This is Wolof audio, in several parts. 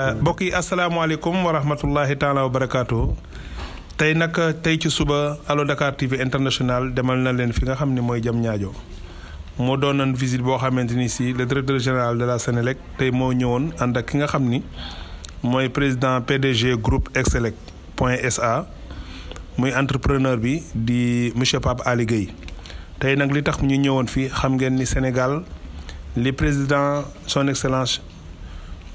Euh, mbokk assalamu alaikum wa rahmatullahi taala wa barakaatu. tey nag tey ci suba allo Dakar TV international demal na leen fi nga xam ne mooy jam ñaajo moo visite boo xamante si le directeur général de la Sénélec tey moo ñëwoon ànd ak nga xam ni mooy président PDG groupe Excelec point SA muy entrepreneur bi di monsieur Pape Ali Gueye tey nag li tax ñu ñëwoon fi xam ngeen ni Sénégal li président son excellence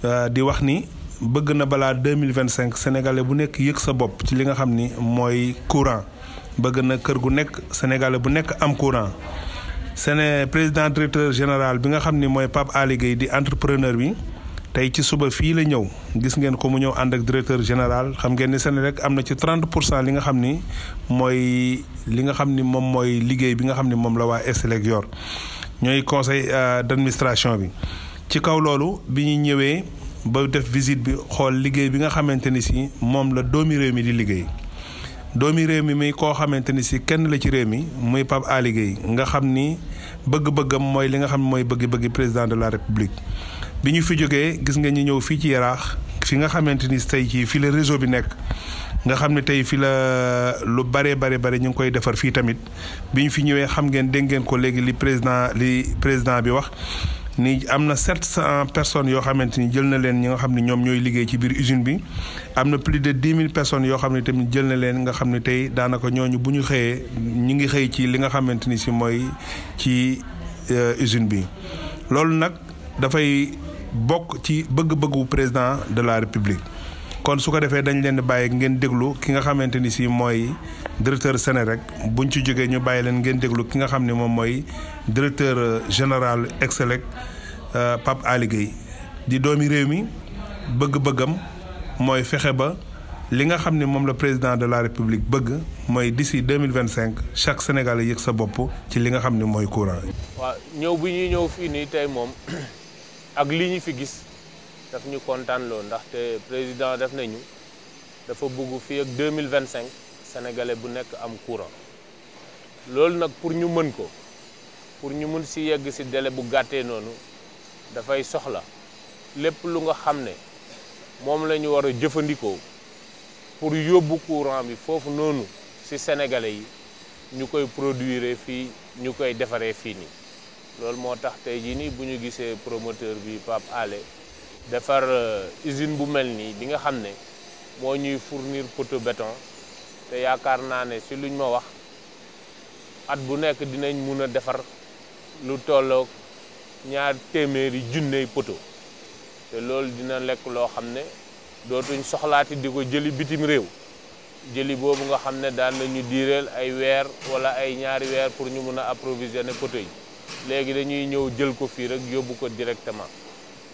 Euh, di wax ni bëgg na balaa deux mille vingt cinq sénégalais bu nekk yëg sa bopp ci li nga xam ni mooy courant bëgg na kër gu nekk sénégalais bu nekk am courant. sene président directeur général bi nga xam ni mooy Pape Aly Gueye di entrepreneur bi tey ci suba fii la ñëw gis ngeen ko mu ñëw ànd ak directeur général xam ngeen ni seen rek am na ci 30 pour cent li nga xam ni mooy li nga xam ni moom mooy liggéey bi nga xam ni moom la waa Estelec yor ñooy conseil euh, d'administration bi. ci kaw loolu bi ñu ñëwee ba def visite bi xool liggéey bi nga xamante ni si moom la doomi réew mi di liggéey doomi réew mi mi koo xamante ni si kenn la ci réew mi muy Pape Aly liggéey nga xam ni bëgg-bëggam mooy li nga xam mooy bëgg-bëgg président de la république bi ñu fi jógee gis nga ñu ñëw fii ci yaraax fi nga xamante ni tey ci fi la réseau bi nekk nga xam ne tey fi la lu bare bare bare ñu ngi koy defar fii tamit bi ñu fi ñëwee xam ngeen dégg ngeen ko léegi li président li président bi wax ni am na sept cent personnes yoo xamante ni jël na leen ñi nga xam ne ñoom ñooy liggéey ci biir usine bi am na plus de dix mille personnes yoo xam ne tamit jël na leen nga xam ne tey daanaka ñooñu bu ñu xëyee ñu ngi xëy ci li nga xamante ni si mooy ci euh, usine bi loolu nag dafay bokk ci bëgg-bëggu président de la république kon su ko defee dañu leen di bàyyi ngeen déglu ki nga xamante ni si mooy directeur Senelec buñ ci jógee ñu bàyyi leen ngeen déglu ki nga xam ne moom mooy directeur général Excelec euh, Pape Aly Gueye di doomi réew mi bëgg-bëggam mooy fexe ba li nga xam ne moom la président de la république bëgg mooy d'ici deux mille vingt cinq chaque sénégalais yëg sa bopp ci li nga xam ne mooy courant. waaw ñëw bi ñuy ñëw fii nii tey moom ak li ñu fi gis. daf content kontaan loo ndaxte président def nañu dafa bëgg fi ak 2025 sénégalais bu nek am courant lool nak pour ñu mën ko pour ñu mën si yegg ci délai bu nonu da fay soxla lépp lu nga xamné mom lañu wara jëfëndiko pour yobbu courant bi fofu nonu ci sénégalais yi ñukoy produire fi ñukoy défaré fi fii lool motax tay ji ni buñu nii promoteur bi Pape Alé de euh, usine bu mel nii bi nga xamné mo ñuy fournir poteau béton té yaakar na né ci luñ ma wax at bu nek dinañ mëna défar defar lu tolloog ñaar téeméeri junney poteau té lool dina lek lo xamné dootuñ soxlaati diko jëli bitim réew jëli bobu nga xamné daal lañu nañu ay weer wala ay ñaari weer pour ñu mëna approvisionner poteau yi légui dañuy ñëw jël ko fi rek yobbu ko directement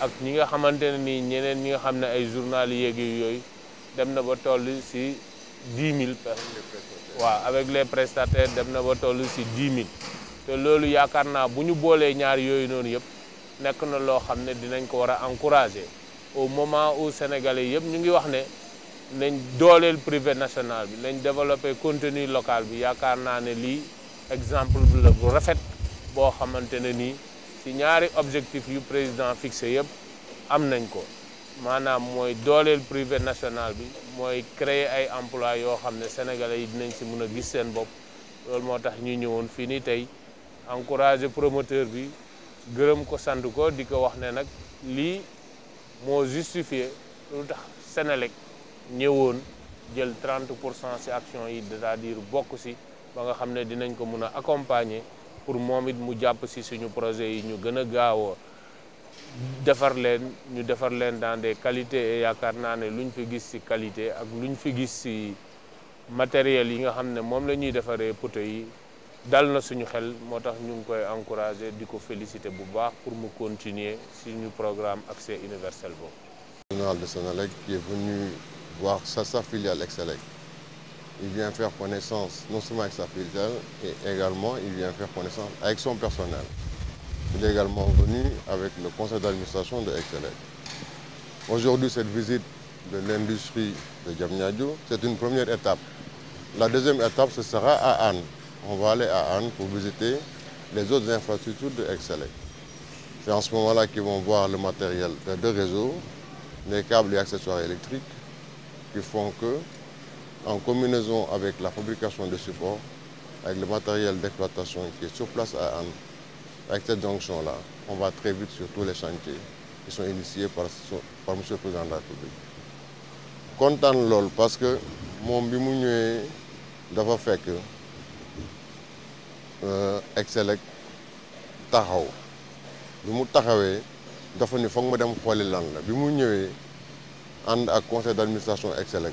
ak ñi nga xamantene ni ñeneen ñi nga xam ne ay journal yeeg yooyu dem na ba toll si dix mille personnes waaw avec les prestataires dem na ba toll si dix mille te loolu yaakaar naa bu ñu boolee ñaar yooyu noonu yëpp nekk na loo xam ne dinañ ko war a encourager au moment où sénégalais yëpp ñu ngi wax ne nañ dooleel privé national bi nañ développer contenu local bi yaakaar naa ne lii exemple la bu rafet boo xamante ne nii ci ñaari objectif yu président fixé yëpp am nañ ko maanaam mooy dooleel privé national bi mooy créer ay emploi yoo xam ne sénégalais yi dinañ si mun a gis seen bopp loolu moo tax ñu ñëwoon fii nii tey encourager promoteur bi gërëm ko sant ko di ko wax ne nag lii moo justifié lu tax Senelec ñëwoon jël 30 pour cent si action yi c'est-à-dire bokk si ba nga xam ne dinañ ko mun a accompagner pour moom it mu jàpp si suñu projet yi ñu gën a gaaw defar leen ñu defar leen dans des qualités yaakaar naa ne lu ñu fi gis si qualité ak lu ñu fi gis si matériel yi nga xam ne moom la ñuy defaree poteaux yi dal na suñu xel moo tax ñu ngi koy encourager di ko féliciter bu baax pour mu continuer suñu programme accès universelle boobu. général de Sénélec qui est venu voir sa sa filiale Excelec il vient faire connaissance non seulement avec sa filiale, et également il vient faire connaissance avec son personnel. Il est également venu avec le conseil d'administration de Excelec. Aujourd'hui, cette visite de l'industrie de Djamniadjou, c'est une première étape. La deuxième étape, ce sera à Anne. On va aller à Anne pour visiter les autres infrastructures de Excelec. C'est en ce moment-là qu'ils vont voir le matériel des deux réseaux, les câbles et accessoires électriques qui font que en combinaison avec la fabrication de supports, avec le matériel d'exploitation qui est sur place à Anne, avec cette jonction-là, on va très vite sur tous les chantiers qui sont initiés par, par M. le Président de la République. Content l'ol parce que mon bi mu ñëwee dafa fekk euh, Excelec taxaw bi mu taxawee dafa ni foog ma dem xooli lan la conseil d'administration excellent.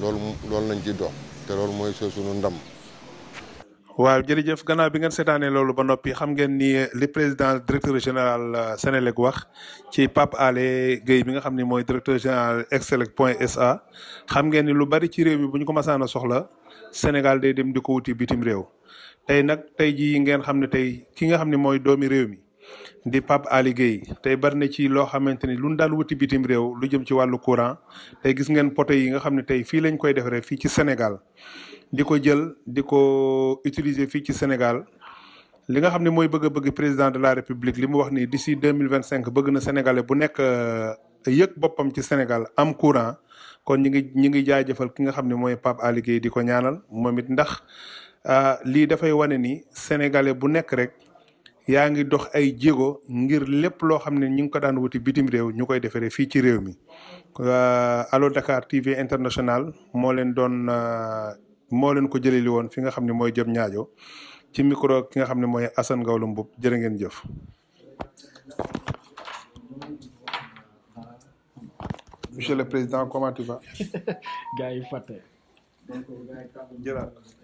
loolu loolu lañ ci dox te loolu mooy soo ndam. waaw jërëjëf gannaaw bi ngeen seetaanee loolu ba noppi xam ngeen ni li président directeur général euh, Senelec wax ci Pape Alé Guèye bi nga xam ni mooy directeur général Excelec point SA xam ngeen ni lu bari ci réew mi bu ñu ko masaan a soxla Sénégal day dem di ko wuti bitim réew tey nag tey jii ngeen xam ne tey ki nga xam ni mooy doomi réew mi. di Pape Ali tey bari na ci loo xamante ni lu ñu daal wuti bitim réew lu jëm ci wàllu courant tey gis ngeen poteau yi nga xam ne tey fii lañ koy defaree fii ci Sénégal di ko jël di ko utiliser fii ci Sénégal li nga xam ne mooy bëgg a bëgg président de la république li mu wax ni d'ici deux mille vingt cinq bëgg na sénégalais bu nekk euh, yëg boppam ci Sénégal am courant kon ñi ngi ñi ngi jaajëfal ki nga xam ne mooy Pape Ali di ko ñaanal moom it ndax euh, lii dafay wane ni sénégalais bu nekk rek. yaa ngi dox ay jéego ngir lépp loo xam ne ñu ngi ko daan wuti bitim réew ñu koy defaree fii ci réew mi. Euh, alo Dakar TV international moo leen doon euh, moo leen ko jëlee woon fi nga xam ne mooy jëm ñaajo ci micro ki nga xam ne mooy Assane Gawlo Mboup jërë ngeen jëf. Monsieur le Président comment tu vas. fàtte. jërëjëf.